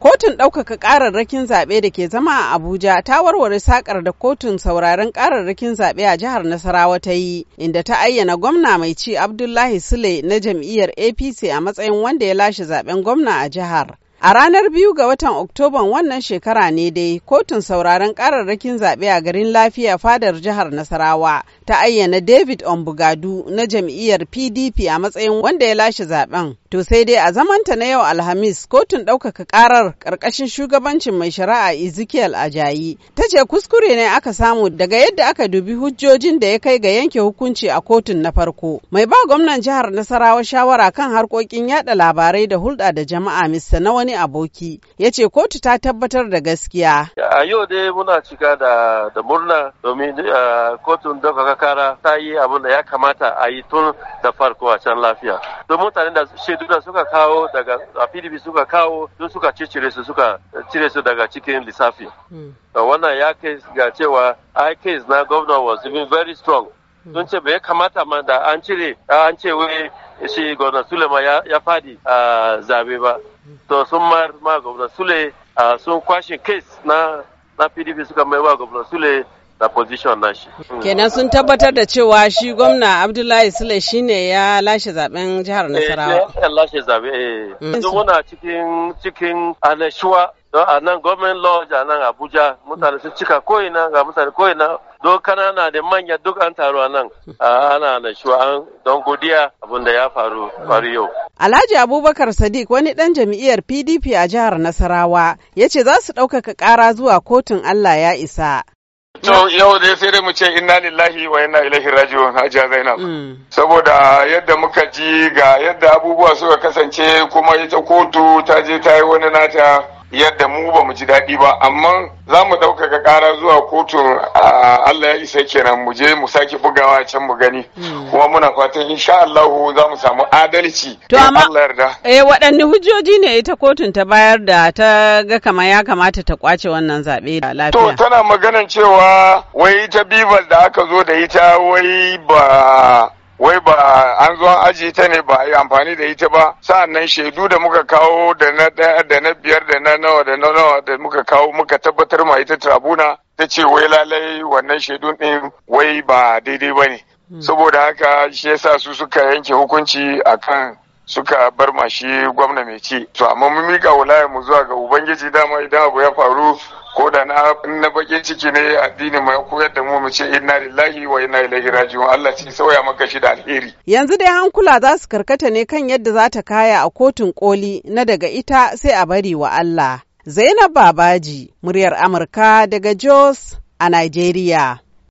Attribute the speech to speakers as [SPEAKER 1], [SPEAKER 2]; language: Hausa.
[SPEAKER 1] Kotun ɗaukaka ƙararrakin zaɓe da ke zama a Abuja ta warware saƙar da kotun sauraron ƙararrakin zaɓe a jihar Nasarawa ta yi, inda ta ayyana gwamna mai ci Abdullahi Sule na jam'iyyar APC a matsayin wanda ya lashe zaɓen gwamna a jihar. A ranar biyu ga watan Oktoban wannan shekara ne dai kotun sauraron kararrakin zaɓe a garin lafiya fadar jihar Nasarawa ta ayyana David Ombugadu na jam'iyyar PDP a matsayin wanda ya lashe zaben. To sai dai a zamanta na yau Alhamis kotun ɗaukaka ƙarar ƙarƙashin shugabancin mai shari'a Ezekiel Ajayi ta ce kuskure ne aka samu daga yadda aka dubi hujjojin da ya kai ga yanke hukunci a kotun na farko. Mai ba gwamnan jihar Nasarawa shawara kan harkokin yada labarai da hulɗa da jama'a Mr. Nawani wani aboki ya ce kotu ta tabbatar da gaskiya. A yau
[SPEAKER 2] dai muna cika da, murna domin kotun daukaka kara ta yi abin da ya kamata a yi tun da farko a can lafiya. Don mutane da shaidu da suka kawo daga a PDP suka kawo don suka cire su suka cire su daga cikin lissafi. Hmm. Wannan ya kai ga cewa I case na governor was even very strong. Hmm. sun ce bai kamata ma da an cire an ce wai shi gwamna sule ma ya fadi a zabe ba hmm. to sun ma gwamna sule sun kwashe case na pdp suka mai wa gwamna sule da position shi. Hmm.
[SPEAKER 1] Kenan sun tabbatar da cewa shi gwamna Abdullahi Sule shine ya lashe zaben jihar Nasarawa. Eh,
[SPEAKER 2] ya lashe zabe. Eh. don muna cikin cikin annashuwa don a nan government lodge a nan abuja mutane sun cika ko'ina ga mutane ko'ina don kanana da manya duk an taru a nan ana na an don godiya abin da ya faru faru yau
[SPEAKER 1] Alhaji Abubakar Sadiq wani dan jam'iyyar PDP a jihar Nasarawa ya ce za su ɗaukaka ƙara zuwa kotun Allah ya isa.
[SPEAKER 3] To yau dai sai dai mu ce inna lillahi wa inna ilaihi raji'un Hajiya Zainab. Mm. Saboda yadda muka ji ga yadda abubuwa suka kasance kuma ita kotu ta je ta yi wani nata yadda mu ba mu ji daɗi ba amma za mu ɗaukaka ƙara zuwa kotun Allah ya isa kenan mu je mu sake bugawa can mu gani hmm. kuma muna fatan insha Allah za mu samu adalci to amma
[SPEAKER 1] eh waɗanne hujjoji ne ita kotun ta bayar da ta ga kama ya kamata ta kwace wannan zaɓe da lafiya to tana
[SPEAKER 3] maganan cewa wai ta bibal da aka zo da ita wai ba wai ba an zo an ta ne ba a yi amfani da ita ba sa'annan shaidu da muka kawo da na ɗaya da na biyar da na nawa da na nawa da muka kawo muka tabbatar ma ita tribuna ta ce wai lalai wannan shaidu ɗin wai ba daidai ba ne hmm. saboda haka shi yasa su suka yanke hukunci akan suka bar ma gwamna mai ci to amma mun mika wulaya mu zuwa ga ubangiji dama idan abu ya faru ko da na na bakin ciki ne addini mai koyar da mu mu ce inna lillahi wa inna ilaihi raji'un Allah ce sauya maka shi da alheri
[SPEAKER 1] yanzu dai hankula za su karkata ne kan yadda za ta kaya a kotun koli na daga ita sai a bari wa Allah Zainab Babaji muryar Amurka daga Jos a Nigeria